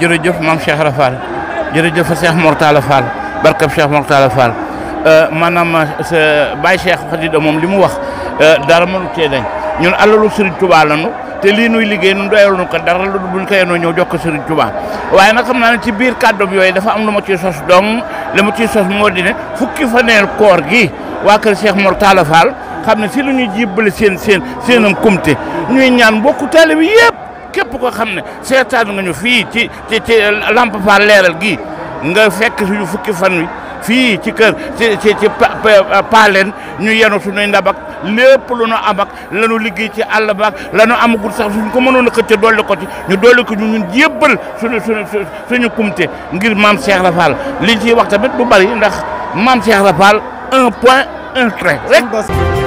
jërëjëf maam Cheikh Ibra Fall jërëjëf Cheikh Mortala Fall barkab Cheikh Mortala Fall euh, maanaam Baye Cheikh Khadida moom li mu wax euh, dara mënu tee dañ ñun alalu Serigne Touba lañu te lii nuy liggéey ñun doyal nu ko dara lu buñ ko yenoo ñëw jox ko Serigne Touba waaye nag xam naa ne ci biir kàddoom yooyu dafa am lu ma ciy sos dong li ma ciy sos moo di ne fukki koor gi waa kër Cheikh Mortala Fall xam ne si lu ñuy jibbale seen seen seenam kumte ñuy ñaan mbokku taalibe yépp képp ko xam ne seetaan nga ñu fii ci ci ci Lamp Fall leeral gi nga fekk suñu fukki fan wi fii ci kër ci ci ci paaleen ñu yenu su ndab ak lépp lu nu am ak la liggéey ci àll ba ak la nu amagul sax suñ ko mënoon a xëcc dolli ko ci ñu dolli ko ñu ñun jébbal suñu kumte ngir maam Cheikh Ibra li liñ ciy wax tamit du bari ndax maam Cheikh Ibra Fall un point un trait